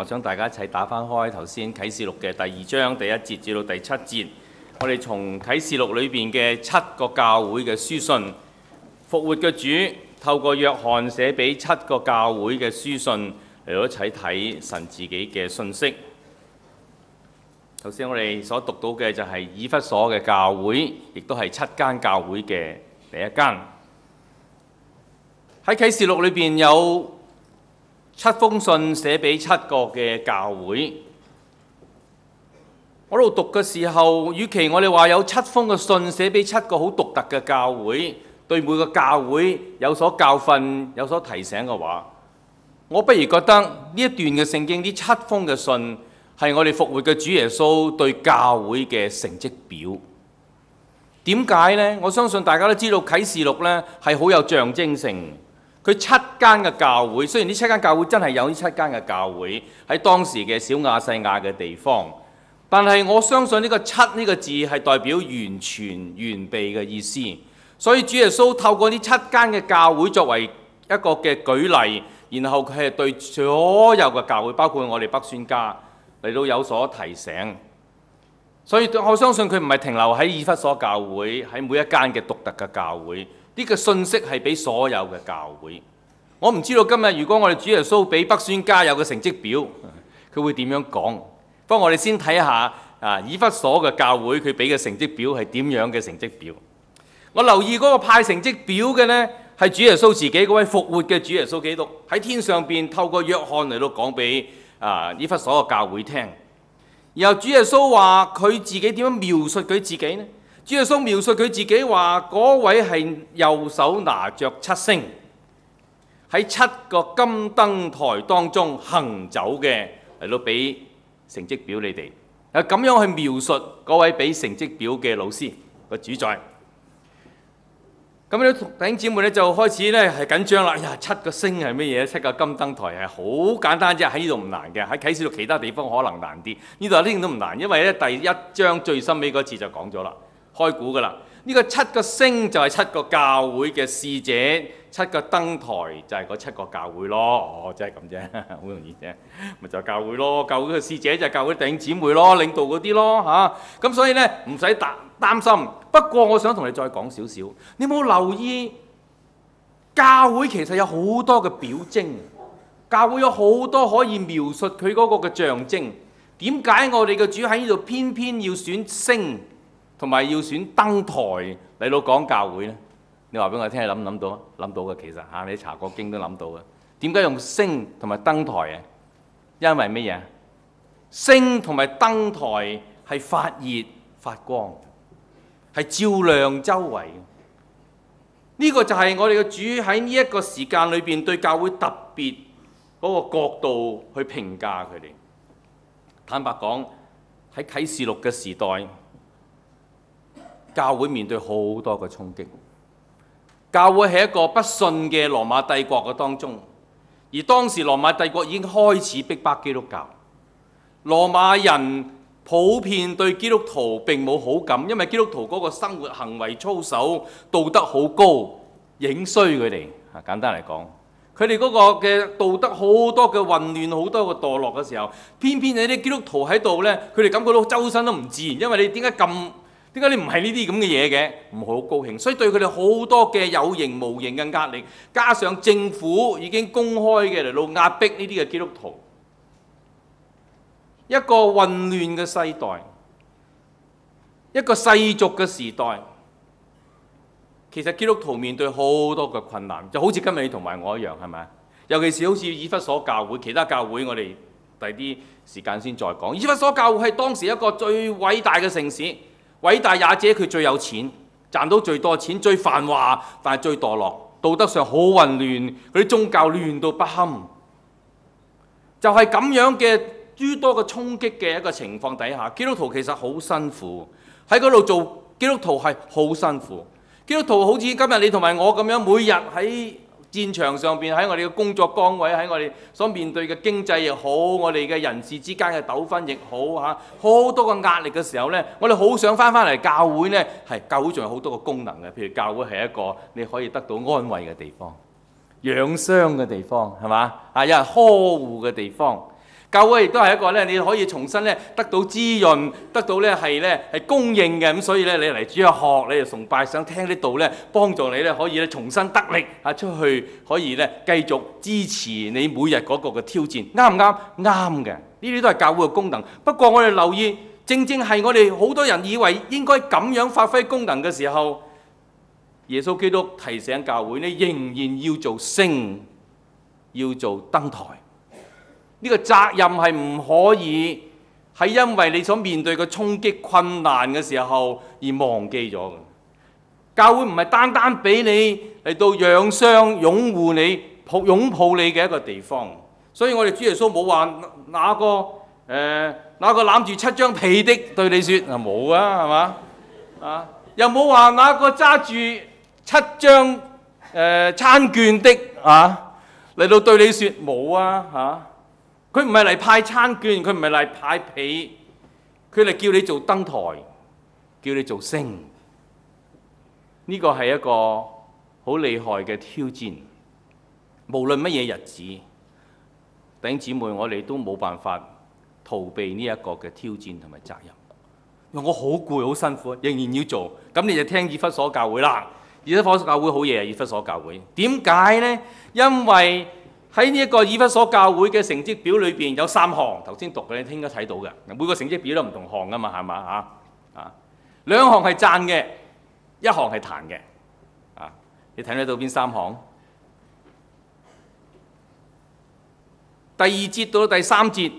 我想大家一齊打返開頭先《啟示錄》嘅第二章第一節至到第七節，我哋從《啟示錄》裏邊嘅七個教會嘅書信，復活嘅主透過約翰寫俾七個教會嘅書信嚟到一齊睇神自己嘅信息。頭先我哋所讀到嘅就係以弗所嘅教會，亦都係七間教會嘅第一間。喺《啟示錄》裏邊有七封信寫俾七個嘅教會，我喺度讀嘅時候，與其我哋話有七封嘅信寫俾七個好獨特嘅教會，對每個教會有所教訓、有所提醒嘅話，我不如覺得呢一段嘅聖經，啲七封嘅信係我哋復活嘅主耶穌對教會嘅成績表。點解呢？我相信大家都知道啟示錄呢係好有象徵性。佢七間嘅教會，雖然呢七間教會真係有呢七間嘅教會喺當時嘅小亞細亞嘅地方，但係我相信呢個七呢個字係代表完全完備嘅意思。所以主耶穌透過呢七間嘅教會作為一個嘅舉例，然後佢係對所有嘅教會，包括我哋北宣家嚟都有所提醒。所以我相信佢唔係停留喺以弗所教會，喺每一間嘅獨特嘅教會。呢個信息係俾所有嘅教會，我唔知道今日如果我哋主耶穌俾北宣加有嘅成績表，佢會點樣講？不過我哋先睇下啊，以弗所嘅教會佢俾嘅成績表係點樣嘅成績表？我留意嗰個派成績表嘅呢，係主耶穌自己嗰位復活嘅主耶穌基督喺天上邊透過約翰嚟到講俾啊以弗所嘅教會聽。然後主耶穌話佢自己點樣描述佢自己呢？朱松描述佢自己話：嗰位係右手拿着七星，喺七個金燈台當中行走嘅，嚟到俾成績表你哋。啊咁樣去描述嗰位俾成績表嘅老師個主宰。咁咧，頂姐妹咧就開始咧係緊張啦。哎、呀，七個星係乜嘢？七個金燈台係好簡單啫，喺呢度唔難嘅。喺啟示錄其他地方可能難啲，呢度呢啲都唔難，因為咧第一章最深尾嗰次就講咗啦。開估㗎喇！呢、這個七個星就係七個教會嘅使者，七個登台就係嗰七個教會咯。哦，即係咁啫，好容易啫，咪就係、是、教會咯。教會嘅使者就係教會頂姊妹咯，領導嗰啲咯吓，咁所以呢，唔使擔擔心。不過我想同你再講少少，你冇留意教會其實有好多嘅表徵，教會有好多可以描述佢嗰個嘅象徵。點解我哋嘅主喺呢度偏偏要選星？同埋要選登台嚟到講教會呢？你話俾我聽，你諗唔諗到啊？諗到嘅其實嚇，你查過經都諗到嘅。點解用星同埋登台啊？因為乜嘢？星同埋登台係發熱發光，係照亮周圍嘅。呢個就係我哋嘅主喺呢一個時間裏邊對教會特別嗰個角度去評價佢哋。坦白講，喺啟示錄嘅時代，教會面對好多嘅衝擊，教會喺一個不信嘅羅馬帝國嘅當中，而當時羅馬帝國已經開始逼迫迫基督教。羅馬人普遍對基督徒並冇好感，因為基督徒嗰個生活行為操守，道德好高，影衰佢哋。啊，簡單嚟講，佢哋嗰個嘅道德好多嘅混亂，好多嘅墮落嘅時候，偏偏你啲基督徒喺度呢，佢哋感覺到周身都唔自然，因為你點解咁？點解你唔係呢啲咁嘅嘢嘅？唔好高興，所以對佢哋好多嘅有形無形嘅壓力，加上政府已經公開嘅嚟到壓迫呢啲嘅基督徒，一個混亂嘅世代，一個世俗嘅時代，其實基督徒面對好多嘅困難，就好似今日你同埋我一樣，係咪？尤其是好似以弗所教會，其他教會我哋第啲時間先再講。以弗所教會係當時一個最偉大嘅城市。偉大也者，佢最有錢，賺到最多錢，最繁華，但係最墮落，道德上好混亂，啲宗教亂到不堪。就係咁樣嘅諸多嘅衝擊嘅一個情況底下，基督徒其實好辛苦，喺嗰度做基督徒係好辛苦。基督徒好似今日你同埋我咁樣，每日喺戰場上邊，喺我哋嘅工作崗位，喺我哋所面對嘅經濟亦好，我哋嘅人事之間嘅糾紛亦好嚇，好多個壓力嘅時候呢，我哋好想翻返嚟教會呢，係教會仲有好多個功能嘅，譬如教會係一個你可以得到安慰嘅地方、養傷嘅地方，係嘛？啊，有人呵護嘅地方。教會亦都係一個咧，你可以重新咧得到滋潤，得到咧係咧係供應嘅，咁所以咧你嚟主日學，你嚟崇拜，想聽啲道咧，幫助你咧可以咧重新得力啊出去，可以咧繼續支持你每日嗰個嘅挑戰，啱唔啱？啱嘅，呢啲都係教會嘅功能。不過我哋留意，正正係我哋好多人以為應該咁樣發揮功能嘅時候，耶穌基督提醒教會咧，你仍然要做星，要做燈臺。呢個責任係唔可以係因為你所面對嘅衝擊困難嘅時候而忘記咗嘅。教會唔係單單俾你嚟到養傷、擁護你抱擁抱你嘅一個地方，所以我哋主耶穌冇話那個誒那個攬住七張被的對你説啊，冇啊，係嘛啊？又冇話那個揸住七張誒餐券的啊嚟到對你説冇啊嚇。佢唔係嚟派餐券，佢唔係嚟派被，佢嚟叫你做燈台，叫你做星。呢、這個係一個好厲害嘅挑戰。無論乜嘢日子，弟兄姊妹，我哋都冇辦法逃避呢一個嘅挑戰同埋責任。我好攰好辛苦，仍然要做。咁你就聽以弗所教會啦。以弗所教會好嘢啊！以弗所教會點解咧？因為喺呢一個以弗所教會嘅成績表裏邊有三項，頭先讀嘅，你應該睇到嘅。每個成績表都唔同項噶嘛，係嘛啊？啊，兩項係讚嘅，一項係彈嘅。啊，你睇得到邊三項？第二節到第三節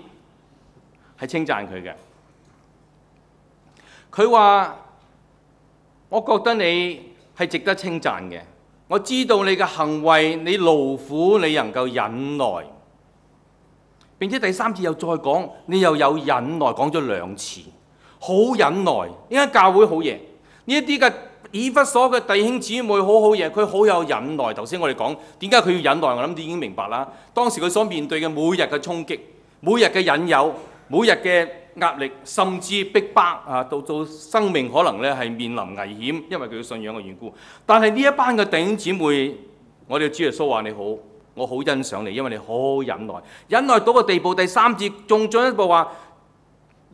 係稱讚佢嘅。佢話：我覺得你係值得稱讚嘅。我知道你嘅行為，你勞苦，你能夠忍耐。並且第三次又再講，你又有忍耐，講咗兩次，好忍耐。點解教會好嘢？呢一啲嘅以弗所嘅弟兄姊妹好好嘢，佢好有忍耐。頭先我哋講點解佢要忍耐，我諗你已經明白啦。當時佢所面對嘅每日嘅衝擊，每日嘅引誘，每日嘅壓力甚至逼迫啊，到到生命可能咧係面臨危險，因為佢嘅信仰嘅緣故。但係呢一班嘅弟兄姊妹，我哋主耶穌話你好，我好欣賞你，因為你好忍耐，忍耐到個地步。第三節仲進一步話，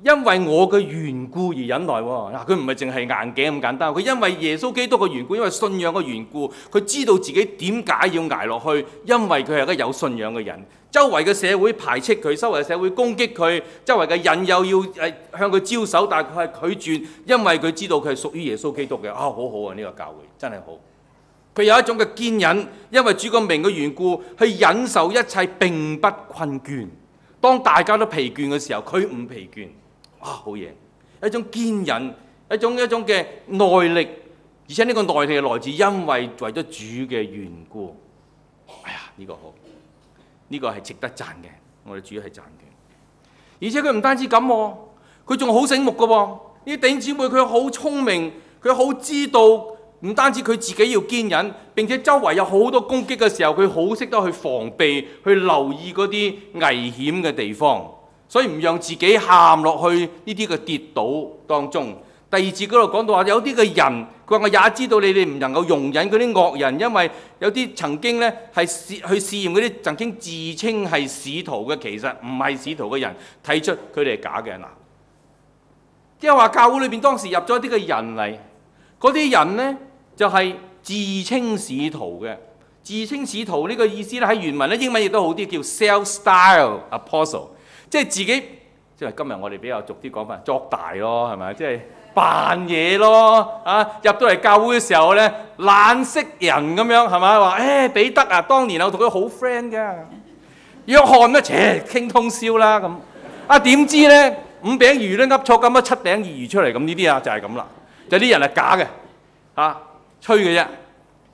因為我嘅緣故而忍耐喎。嗱，啊，佢唔係淨係硬頸咁簡單，佢因為耶穌基督嘅緣故，因為信仰嘅緣故，佢知道自己點解要捱落去，因為佢係一個有信仰嘅人。周圍嘅社會排斥佢，周圍嘅社會攻擊佢，周圍嘅人又要誒向佢招手，但係佢係拒絕，因為佢知道佢係屬於耶穌基督嘅。啊，好好啊，呢個教會真係好。佢有一種嘅堅忍，因為主嘅名嘅緣故，去忍受一切，並不困倦。當大家都疲倦嘅時候，佢唔疲倦。啊，好嘢！一種堅忍，一種一種嘅耐力，而且呢個耐力係來自因為為咗主嘅緣故。哎呀，呢個好。呢個係值得讚嘅，我哋主要係讚嘅，而且佢唔單止咁，佢仲好醒目㗎喎！呢頂姊妹佢好聰明，佢好知道唔單止佢自己要堅忍，並且周圍有好多攻擊嘅時候，佢好識得去防備，去留意嗰啲危險嘅地方，所以唔讓自己陷落去呢啲嘅跌倒當中。第二節嗰度講到話，有啲嘅人，佢話我也知道你哋唔能夠容忍嗰啲惡人，因為有啲曾經呢係試去試驗嗰啲曾經自稱係使徒嘅，其實唔係使徒嘅人，睇出佢哋係假嘅嗱。即係話教會裏邊當時入咗啲嘅人嚟，嗰啲人呢，就係自稱使徒嘅。自稱使徒呢個意思呢，喺原文呢，英文亦都好啲叫 self-styled apostle，即係自己即係今日我哋比較俗啲講法，作大咯係咪？即係。扮嘢咯，啊入到嚟教會嘅時候咧，懶識人咁樣係咪？話誒、欸、彼得啊，當年我同佢好 friend 㗎，約翰咧，一齊傾通宵啦咁。啊點知咧五餅魚都噏錯咁，一七餅魚出嚟咁，呢啲啊就係咁啦，就啲、是、人係假嘅，嚇吹嘅啫。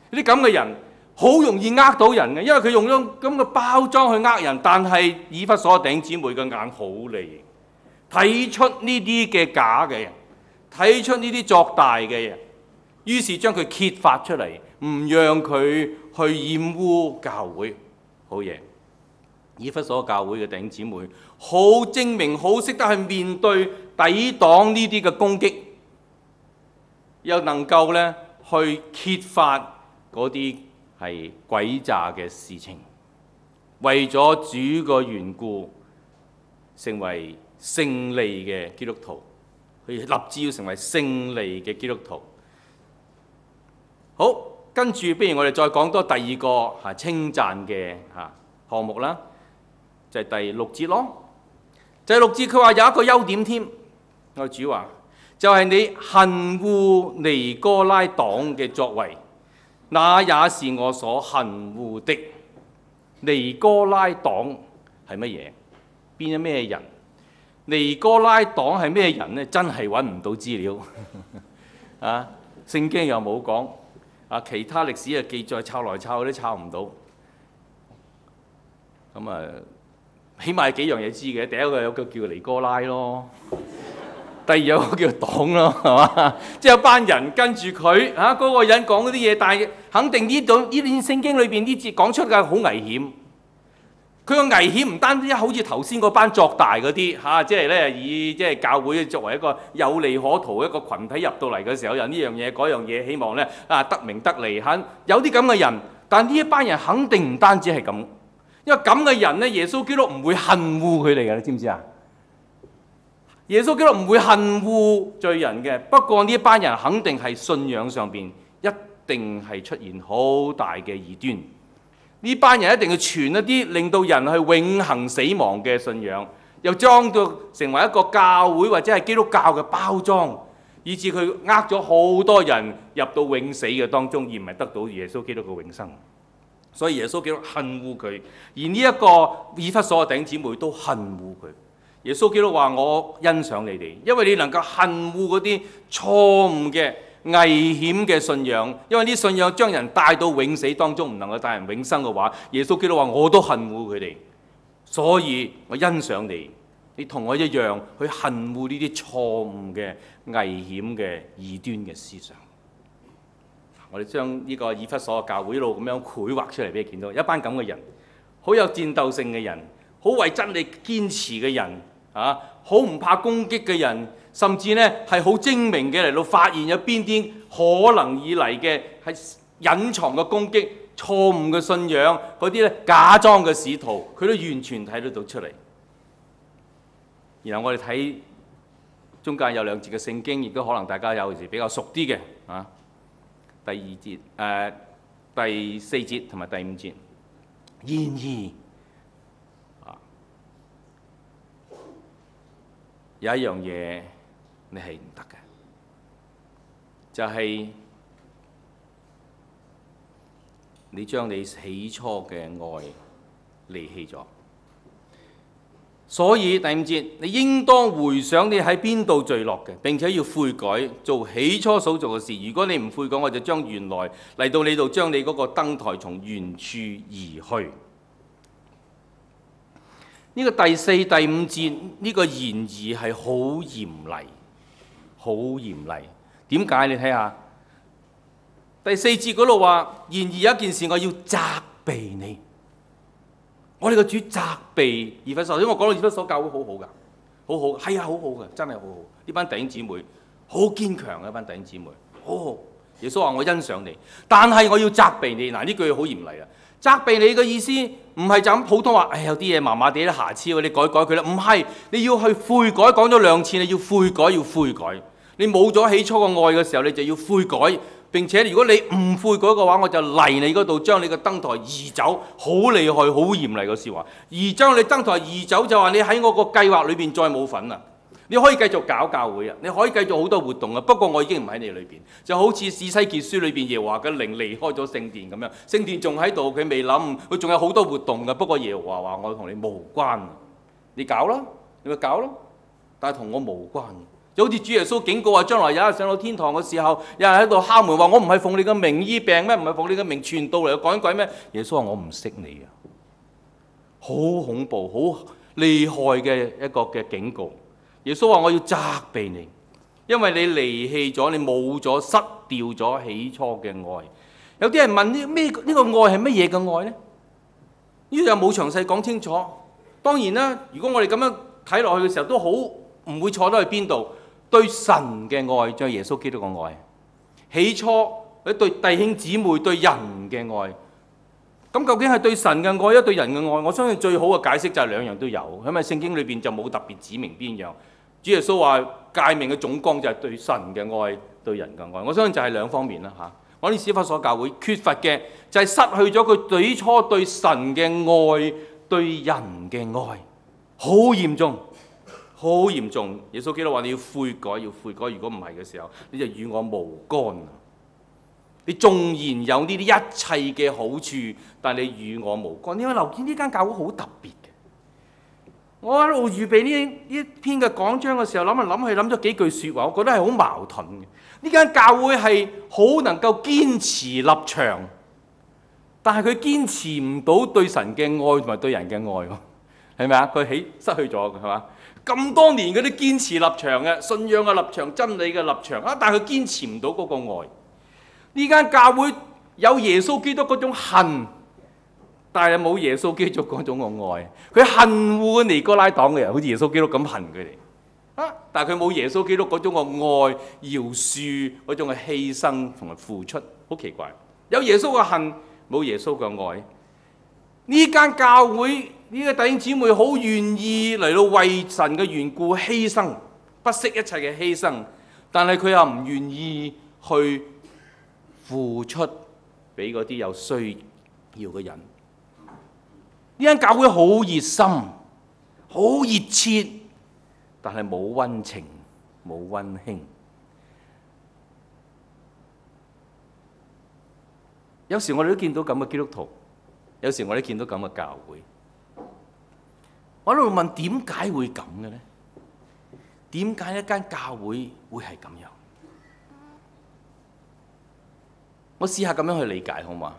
呢啲咁嘅人好容易呃到人嘅，因為佢用咗咁嘅包裝去呃人，但係以弗所頂姊妹嘅眼好利，睇出呢啲嘅假嘅，睇出呢啲作大嘅嘢，於是將佢揭發出嚟，唔讓佢去玷污教會，好嘢！以弗所教會嘅弟兄姊妹好精明，好識得去面對、抵擋呢啲嘅攻擊，又能夠呢去揭發嗰啲係詭詐嘅事情，為咗主個緣故，成為勝利嘅基督徒。佢立志要成為勝利嘅基督徒。好，跟住，不如我哋再講多第二個嚇稱讚嘅嚇項目啦，就係、是、第六節咯。第、就是、六節佢話有一個優點添，我主話就係、是、你恨惡尼哥拉黨嘅作為，那也是我所恨惡的。尼哥拉黨係乜嘢？變咗咩人？尼哥拉黨係咩人咧？真係揾唔到資料。 啊！聖經又冇講啊，其他歷史嘅記載抄來抄去都抄唔到。咁啊，起碼有幾樣嘢知嘅。第一個有個叫尼哥拉咯，第二有個叫黨咯，係嘛？即係有班人跟住佢嚇，嗰，啊，嗰個人講嗰啲嘢，但係肯定呢段呢段聖經裏邊啲字講出嘅好危險。佢個危險唔單止，好似頭先嗰班作大嗰啲嚇，即係咧以即係教會作為一個有利可圖一個群體入到嚟嘅時候，有呢樣嘢、嗰樣嘢，希望咧啊得名得利。肯、啊、有啲咁嘅人，但呢一班人肯定唔單止係咁，因為咁嘅人咧，耶穌基督唔會恨惡佢哋嘅，你知唔知啊？耶穌基督唔會恨惡罪人嘅，不過呢一班人肯定係信仰上面一定係出現好大嘅異端。呢班人一定要傳一啲令到人去永恒死亡嘅信仰，又裝到成為一個教會或者係基督教嘅包裝，以致佢呃咗好多人入到永死嘅當中，而唔係得到耶穌基督嘅永生。所以耶穌基督恨惡佢，而呢一個以弗所嘅頂姊妹都恨惡佢。耶穌基督話：「我欣賞你哋，因為你能夠恨惡嗰啲錯誤嘅。」危險嘅信仰，因為呢啲信仰將人帶到永死當中，唔能夠帶人永生嘅話，耶穌基督話，我都恨惡佢哋，所以我欣賞你，你同我一樣去恨惡呢啲錯誤嘅、危險嘅、異端嘅思想。我哋將呢個以弗所教會一路咁樣繪畫出嚟俾你見到，一班咁嘅人，好有戰鬥性嘅人，好為真理堅持嘅人，啊，好唔怕攻擊嘅人。甚至呢，係好精明嘅嚟到發現有邊啲可能以嚟嘅係隱藏嘅攻擊、錯誤嘅信仰嗰啲呢，假裝嘅使徒，佢都完全睇得到出嚟。然後我哋睇中間有兩節嘅聖經，亦都可能大家有時比較熟啲嘅啊。第二節、誒、呃、第四節同埋第五節。然而、啊、有一樣嘢。你係唔得嘅，就係、是、你將你起初嘅愛離棄咗。所以第五節，你應當回想你喺邊度墜落嘅，並且要悔改，做起初所做嘅事。如果你唔悔改，我就將原來嚟到你度，將你嗰個燈台從原處移去。呢、這個第四、第五節呢、這個言語係好嚴厲。好嚴厲，點解？你睇下第四節嗰度話，然而有一件事我要責備你。我哋個主責備以弗所，因為我講到以弗所教會好好噶，好好係啊，好好嘅，真係好好。呢班弟兄姊妹好堅強嘅，呢班弟兄姊妹。好，好！耶穌話我欣賞你，但係我要責備你。嗱呢句好嚴厲啊！責備你嘅意思唔係就咁普通話，唉、哎、有啲嘢麻麻地咧瑕疵喎，你改改佢啦。唔係你要去悔改，講咗兩次你要悔改，要悔改。你冇咗起初個愛嘅時候，你就要悔改。並且如果你唔悔改嘅話，我就嚟你嗰度將你嘅燈台移走，好厲害，好嚴厲嘅説話。而將你燈台移走就話你喺我個計劃裏邊再冇份啦。你可以繼續搞教會啊，你可以繼續好多活動啊。不過我已經唔喺你裏邊，就好似《以西結書》裏邊耶和華嘅靈離開咗聖殿咁樣，聖殿仲喺度，佢未諗，佢仲有好多活動嘅。不過耶和華話我同你無關，你搞啦，你咪搞咯，但係同我無關。就好似主耶穌警告話，將來有日上到天堂嘅時候，有人喺度敲門話：我唔係奉你嘅名醫病咩？唔係奉你嘅名傳道嚟趕鬼咩？耶穌話：我唔識你啊！好恐怖、好厲害嘅一個嘅警告。耶穌話：我要責備你，因為你離棄咗，你冇咗，失掉咗起初嘅愛。有啲人問呢，咩呢個愛係乜嘢嘅愛呢？呢又冇詳細講清楚。當然啦，如果我哋咁樣睇落去嘅時候，都好唔會錯得去邊度。對神嘅愛，再耶穌基督嘅愛，起初佢對弟兄姊妹對人嘅愛，咁究竟係對神嘅愛，一對人嘅愛，我相信最好嘅解釋就係兩樣都有，因為聖經裏邊就冇特別指明邊樣。主耶穌話誡命嘅總綱就係對神嘅愛，對人嘅愛，我相信就係兩方面啦吓、啊。我哋以弗所教會缺乏嘅就係失去咗佢最初對神嘅愛，對人嘅愛，好嚴重。好嚴重！耶穌基督話：你要悔改，要悔改。如果唔係嘅時候，你就與我無干。你縱然有呢啲一切嘅好處，但你與我無干。你有留意呢間教會好特別嘅，我喺度預備呢呢篇嘅講章嘅時候，諗啊諗去諗咗幾句説話，我覺得係好矛盾嘅。呢間教會係好能夠堅持立場，但係佢堅持唔到對神嘅愛同埋對人嘅愛，係咪啊？佢起失去咗，係嘛？咁多年佢都堅持立場，嘅信仰嘅立場，真理嘅立場啊！但係佢堅持唔到嗰個愛。呢間教會有耶穌基督嗰種恨，但係冇耶穌基督嗰種嘅愛。佢恨護尼哥拉黨嘅人，好似耶穌基督咁恨佢哋啊！但係佢冇耶穌基督嗰種嘅愛、饒恕嗰種嘅犧牲同埋付出，好奇怪！有耶穌嘅恨，冇耶穌嘅愛。呢間教會。呢個弟兄姊妹好願意嚟到為神嘅緣故犧牲，不惜一切嘅犧牲，但係佢又唔願意去付出俾嗰啲有需要嘅人。呢間教會好熱心，好熱切，但係冇温情，冇温馨。有時我哋都見到咁嘅基督徒，有時我哋都見到咁嘅教會。我喺度問點解會咁嘅呢？點解一間教會會係咁樣？我試下咁樣去理解好嗎？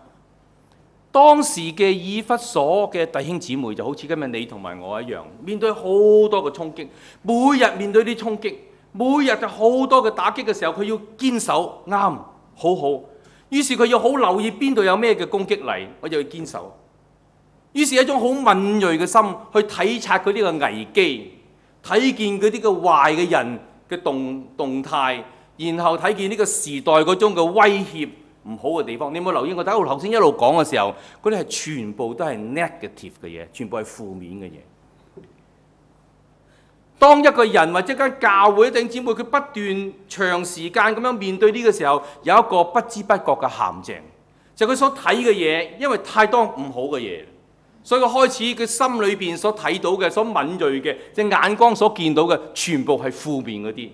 當時嘅以弗所嘅弟兄姊妹就好似今日你同埋我一樣，面對好多嘅衝擊，每日面對啲衝擊，每日就好多嘅打擊嘅時候，佢要堅守，啱，好好。於是佢要好留意邊度有咩嘅攻擊嚟，我就要堅守。於是，一種好敏鋭嘅心去體察佢呢個危機，睇見佢啲嘅壞嘅人嘅動動態，然後睇見呢個時代嗰種嘅威脅唔好嘅地方。你有冇留意？我一路頭先一路講嘅時候，嗰啲係全部都係 negative 嘅嘢，全部係負面嘅嘢。當一個人或者間教會定姊妹，佢不斷長時間咁樣面對呢個時候，有一個不知不覺嘅陷阱，就佢係所睇嘅嘢，因為太多唔好嘅嘢。所以佢開始，佢心裏邊所睇到嘅、所敏鋭嘅隻眼光所見到嘅，全部係負面嗰啲。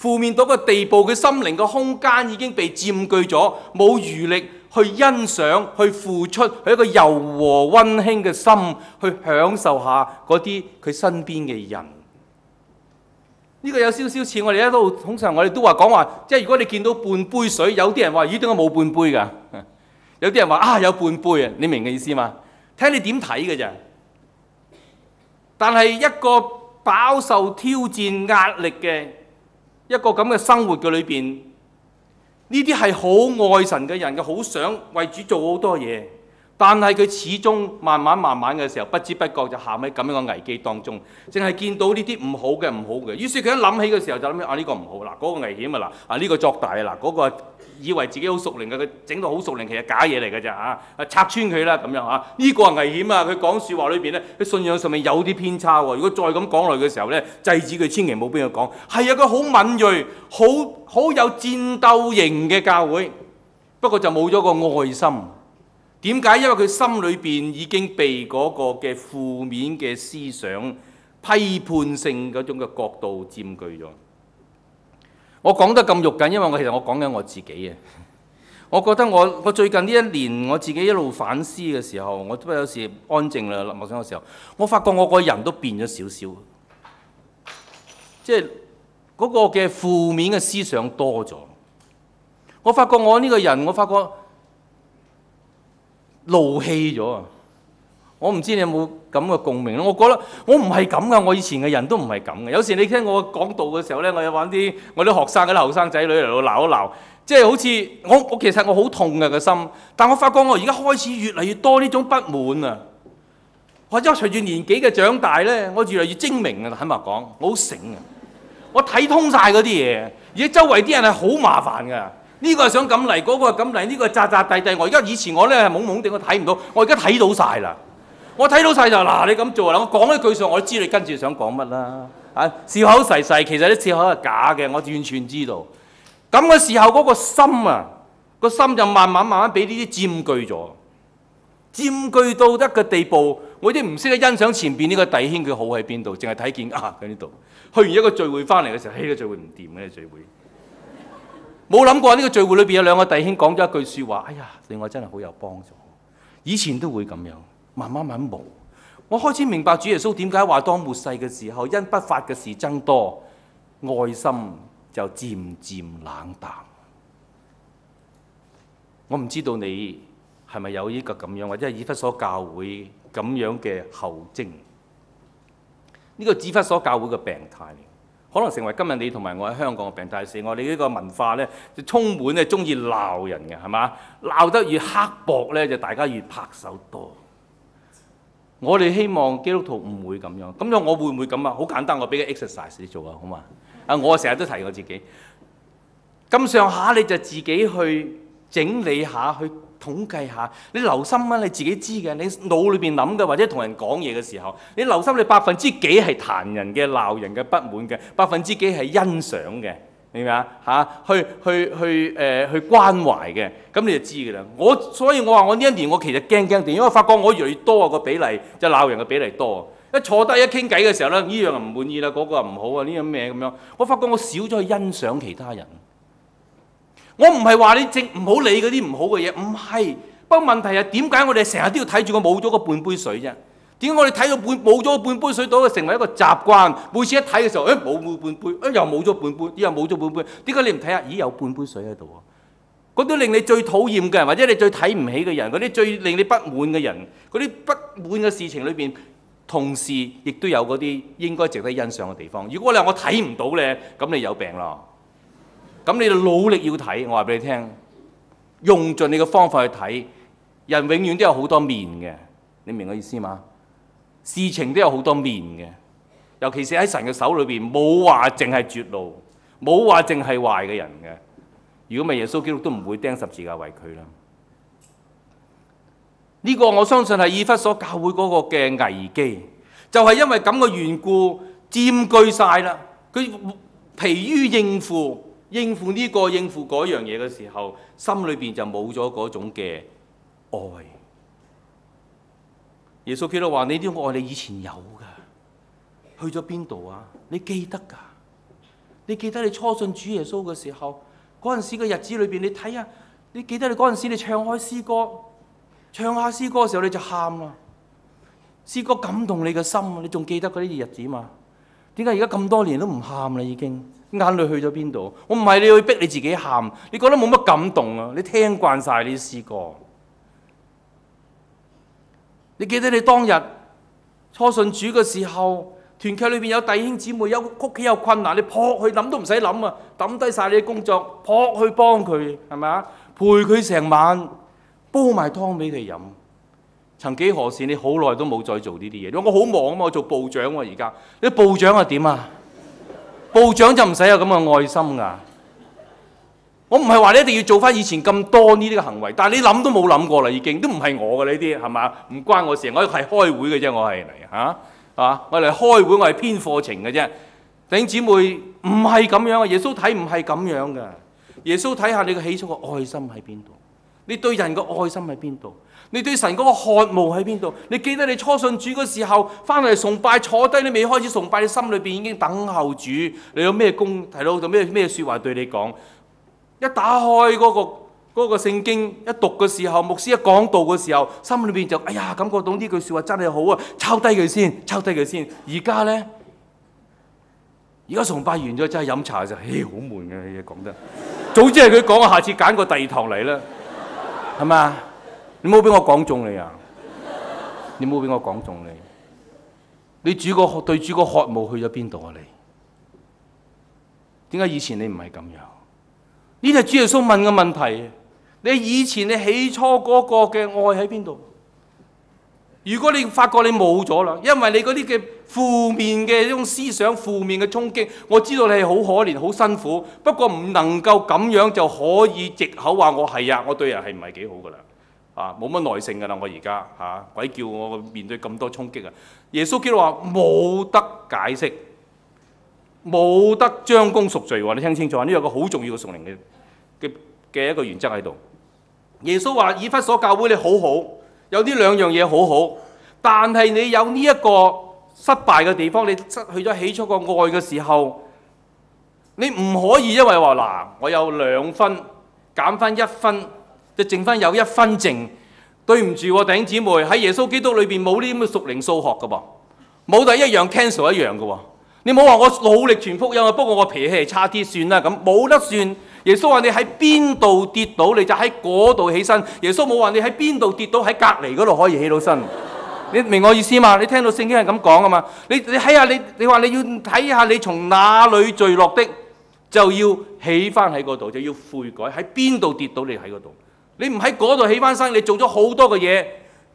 負面到個地步，佢心靈個空間已經被佔據咗，冇餘力去欣賞、去付出，去一個柔和温馨嘅心去享受一下嗰啲佢身邊嘅人。呢個有少少似我哋一度。通常我哋都話講話，即係如果你見到半杯水，有啲人話：咦，點解冇半杯㗎？有啲人話：啊，有半杯啊！你明嘅意思嘛？睇你點睇嘅啫，但係一個飽受挑戰壓力嘅一個咁嘅生活嘅裏邊，呢啲係好愛神嘅人嘅，好想為主做好多嘢。但係佢始終慢慢慢慢嘅時候，不知不覺就陷喺咁樣嘅危機當中，淨係見到呢啲唔好嘅、唔好嘅。於是佢一諗起嘅時候就諗：啊呢個唔好啦，嗰個危險啊啦，啊呢個作大啊啦，嗰個。以為自己好熟靈嘅，佢整到好熟靈，其實假嘢嚟㗎咋嚇，拆穿佢啦咁樣嚇。呢個係危險啊！佢講説話裏邊咧，佢信仰上面有啲偏差喎。如果再咁講落去嘅時候咧，制止佢，千祈冇俾佢講。係啊，佢好敏鋭，好好有戰鬥型嘅教會，不過就冇咗個愛心。點解？因為佢心裏邊已經被嗰個嘅負面嘅思想、批判性嗰種嘅角度佔據咗。我講得咁肉緊，因為我其實我講緊我自己嘅。我覺得我我最近呢一年，我自己一路反思嘅時候，我都有時安靜啦、冧默想嘅時候，我發覺我個人都變咗少少，即係嗰個嘅負面嘅思想多咗。我發覺我呢個人，我發覺勞氣咗啊！我唔知你有冇咁嘅共鳴咯？我覺得我唔係咁噶，我以前嘅人都唔係咁嘅。有時你聽我講道嘅時候咧，我有玩啲我啲學生嗰啲後生仔女嚟度鬧一鬧，即係好似我我其實我好痛呀個心，但我發覺我而家開始越嚟越多呢種不滿啊！我而家隨住年紀嘅長大咧，我越嚟越精明啊！坦白講，我好醒啊，我睇通晒嗰啲嘢，而家周圍啲人係好麻煩嘅。呢、這個係想咁嚟，嗰、那個咁嚟，呢、這個扎扎地地。我而家以前我咧係懵懵地，我睇唔到，我而家睇到晒啦。我睇到晒就嗱，你咁做啦。我講一句嘢，我都知你跟住想講乜啦。啊，笑口細細，其實啲笑口係假嘅，我完全知道。咁嘅時候，嗰個心啊，個心就慢慢慢慢俾呢啲佔據咗，佔據到一個地步，我已經唔識得欣賞前邊呢個弟兄佢好喺邊度，淨係睇見啊喺呢度。去完一個聚會翻嚟嘅時候，嘿、哎，呢個聚會唔掂嘅，聚會冇諗過呢個聚會裏邊 有兩個弟兄講咗一句説話，哎呀，對我真係好有幫助。以前都會咁樣。慢慢慢慢冇，我開始明白主耶穌點解話當末世嘅時候，因不法嘅事增多，愛心就漸漸冷淡。我唔知道你係咪有呢、這個咁樣，或者以弗所教會咁樣嘅後證？呢個以弗所教會嘅、這個、病態，可能成為今日你同埋我喺香港嘅病態。四我哋呢個文化呢，就充滿呢鍾意鬧人嘅，係嘛？鬧得越刻薄呢，就大家越拍手多。我哋希望基督徒唔會咁樣，咁樣我會唔會咁啊？好簡單，我俾個 exercise 你做啊，好嘛？啊， 我成日都提我自己，咁上下你就自己去整理下，去統計下。你留心啦、啊，你自己知嘅，你腦裏邊諗嘅，或者同人講嘢嘅時候，你留心，你百分之幾係彈人嘅、鬧人嘅、不滿嘅，百分之幾係欣賞嘅。明唔明啊？嚇，去去去誒、呃、去關懷嘅，咁你就知嘅啦。我所以我話我呢一年我其實驚驚哋，因為我發覺我越嚟多、嗰個比例，就鬧、是、人嘅比例多。一坐低一傾偈嘅時候咧，呢樣唔滿意啦，嗰個唔好啊，呢啲咩咁樣。我發覺我少咗去欣賞其他人。我唔係話你淨唔好理嗰啲唔好嘅嘢，唔係。不過問題係點解我哋成日都要睇住我冇咗個半杯水啫？點解我哋睇到半冇咗半杯水，到去成為一個習慣，每次一睇嘅時候，誒冇半半杯，誒又冇咗半杯，又冇咗半杯，點解你唔睇下？咦，有半杯水喺度啊！嗰啲令你最討厭嘅人，或者你最睇唔起嘅人，嗰啲最令你不滿嘅人，嗰啲不滿嘅事情裏邊，同時亦都有嗰啲應該值得欣賞嘅地方。如果你話我睇唔到咧，咁你有病咯！咁你就努力要睇，我話俾你聽，用盡你嘅方法去睇。人永遠都有好多面嘅，你明我意思嘛？事情都有好多面嘅，尤其是喺神嘅手裏邊，冇話淨係絕路，冇話淨係壞嘅人嘅。如果唔係耶穌基督都唔會釘十字架為佢啦。呢個我相信係以弗所教會嗰個嘅危機，就係因為咁嘅緣故佔據晒啦。佢疲於應付應付呢個應付嗰樣嘢嘅時候，心裏邊就冇咗嗰種嘅愛。耶穌基督話：你啲愛，你以前有噶，去咗邊度啊？你記得噶？你記得你初信主耶穌嘅時候，嗰陣時嘅日子裏邊，你睇啊，你記得你嗰陣時你唱開詩歌，唱下詩歌嘅時候你就喊啦，詩歌感動你嘅心，啊，你仲記得嗰啲日子嘛？點解而家咁多年都唔喊啦？已經眼淚去咗邊度？我唔係你要逼你自己喊，你覺得冇乜感動啊？你聽慣晒呢啲詩歌。你記得你當日初信主嘅時候，團契裏邊有弟兄姊妹，有屋企有困難，你撲去諗都唔使諗啊，抌低曬你嘅工作，撲去幫佢，係咪啊？陪佢成晚，煲埋湯俾佢飲。曾幾何時，你好耐都冇再做呢啲嘢。因為我好忙啊嘛，我做部長喎。而家，你部長係點啊？部長就唔使有咁嘅愛心㗎。我唔係話你一定要做翻以前咁多呢啲嘅行為，但係你諗都冇諗過啦，已經都唔係我嘅呢啲，係嘛？唔關我事，我係開會嘅啫，我係嚟吓係我嚟開會，我係編課程嘅啫。弟兄姊妹唔係咁樣嘅，耶穌睇唔係咁樣嘅。耶穌睇下你嘅起初嘅愛心喺邊度，你對人嘅愛心喺邊度，你對神嗰個渴望喺邊度？你記得你初信主嘅時候，翻嚟崇拜坐低，你未開始崇拜，你心裏邊已經等候主。你有咩功？提到做咩咩說話對你講？一打開嗰個嗰個聖經，一讀嘅時候，牧師一講道嘅時候，心裏邊就哎呀，感覺到呢句說話真係好啊，抄低佢先，抄低佢先。而家咧，而家崇拜完咗，真係飲茶就嘿，好悶嘅嘢講得。 總之係佢講，我下次揀個第二堂嚟啦，係咪啊？你冇俾我講中你啊！你冇俾我講中你。你主個對主個渴慕去咗邊度啊？你點解以前你唔係咁樣？呢就係主耶穌問嘅問題，你以前你起初嗰個嘅愛喺邊度？如果你發覺你冇咗啦，因為你嗰啲嘅負面嘅一種思想、負面嘅衝擊，我知道你係好可憐、好辛苦，不過唔能夠咁樣就可以藉口話我係啊，我對人係唔係幾好噶啦？啊，冇乜耐性噶啦，我而家嚇鬼叫我面對咁多衝擊啊！耶穌基督話冇得解釋。冇得將功贖罪喎！你聽清楚啊！呢個個好重要嘅屬靈嘅嘅嘅一個原則喺度。耶穌話：以弗所教會你好好，有呢兩樣嘢好好，但係你有呢一個失敗嘅地方，你失去咗起初個愛嘅時候，你唔可以因為話嗱我有兩分減翻一分，就剩翻有一分剩。對唔住、啊，弟兄姊妹喺耶穌基督裏邊冇呢啲咁嘅屬靈數學嘅噃，冇第一樣 cancel 一樣嘅喎。你冇話我努力傳福音啊，不過我脾氣係差啲算啦咁，冇得算。耶穌話，你喺邊度跌倒你就喺嗰度起身。耶穌冇話你喺邊度跌倒，喺隔離嗰度可以起到身。 你明我意思嘛？你聽到聖經係咁講啊嘛？你你睇下你你話你要睇下你從哪裏墜落的，就要起翻喺嗰度，就要悔改，喺邊度跌倒你喺嗰度。你唔喺嗰度起翻身，你做咗好多嘅嘢。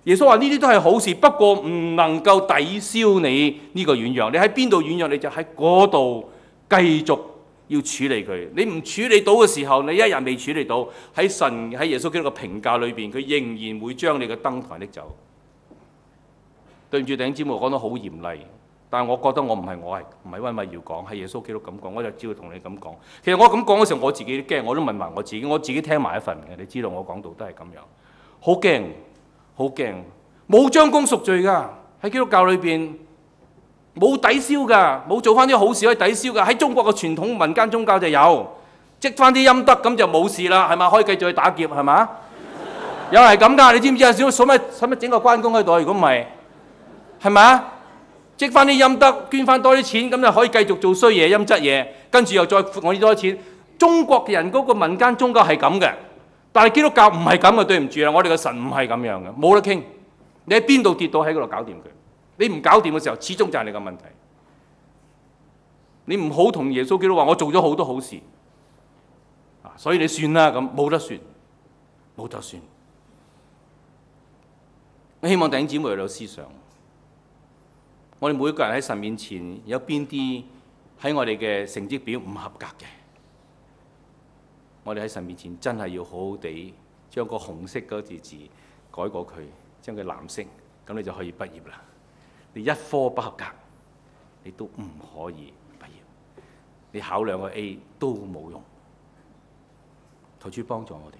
耶穌話：呢啲都係好事，不過唔能夠抵消你呢個軟弱。你喺邊度軟弱，你就喺嗰度繼續要處理佢。你唔處理到嘅時候，你一日未處理到，喺神喺耶穌基督嘅評價裏邊，佢仍然會將你嘅燈台拎走。對唔住，弟兄姊妹，我講得好嚴厲，但係我覺得我唔係我係唔係温偉耀要講，係耶穌基督咁講，我就照同你咁講。其實我咁講嘅時候，我自己都驚，我都問埋我自己，我自己聽埋一份嘅，你知道我講到都係咁樣，好驚。好驚，冇將功贖罪噶，喺基督教裏邊冇抵消噶，冇做翻啲好事可以抵消噶。喺中國嘅傳統民間宗教就有積翻啲陰德，咁就冇事啦，係咪？可以繼續去打劫，係咪？又係咁噶，你知唔知啊？使乜使乜整個關公喺度，如果唔係，係咪啊？積翻啲陰德，捐翻多啲錢，咁就可以繼續做衰嘢、陰質嘢，跟住又再闊我啲多啲錢。中國人嗰個民間宗教係咁嘅。但係基督教唔係咁嘅，對唔住啊，我哋嘅神唔係咁樣嘅，冇得傾。你喺邊度跌倒喺嗰度搞掂佢。你唔搞掂嘅時候，始終就係你嘅問題。你唔好同耶穌基督話我做咗好多好事，啊，所以你算啦咁，冇得算，冇得算。我希望弟兄姊妹有思想，我哋每一個人喺神面前有邊啲喺我哋嘅成績表唔合格嘅。我哋喺神面前真係要好好地將個紅色字字改過佢，將佢藍色，咁你就可以畢業啦。你一科不合格，你都唔可以畢業。你考兩個 A 都冇用，求主幫助我哋。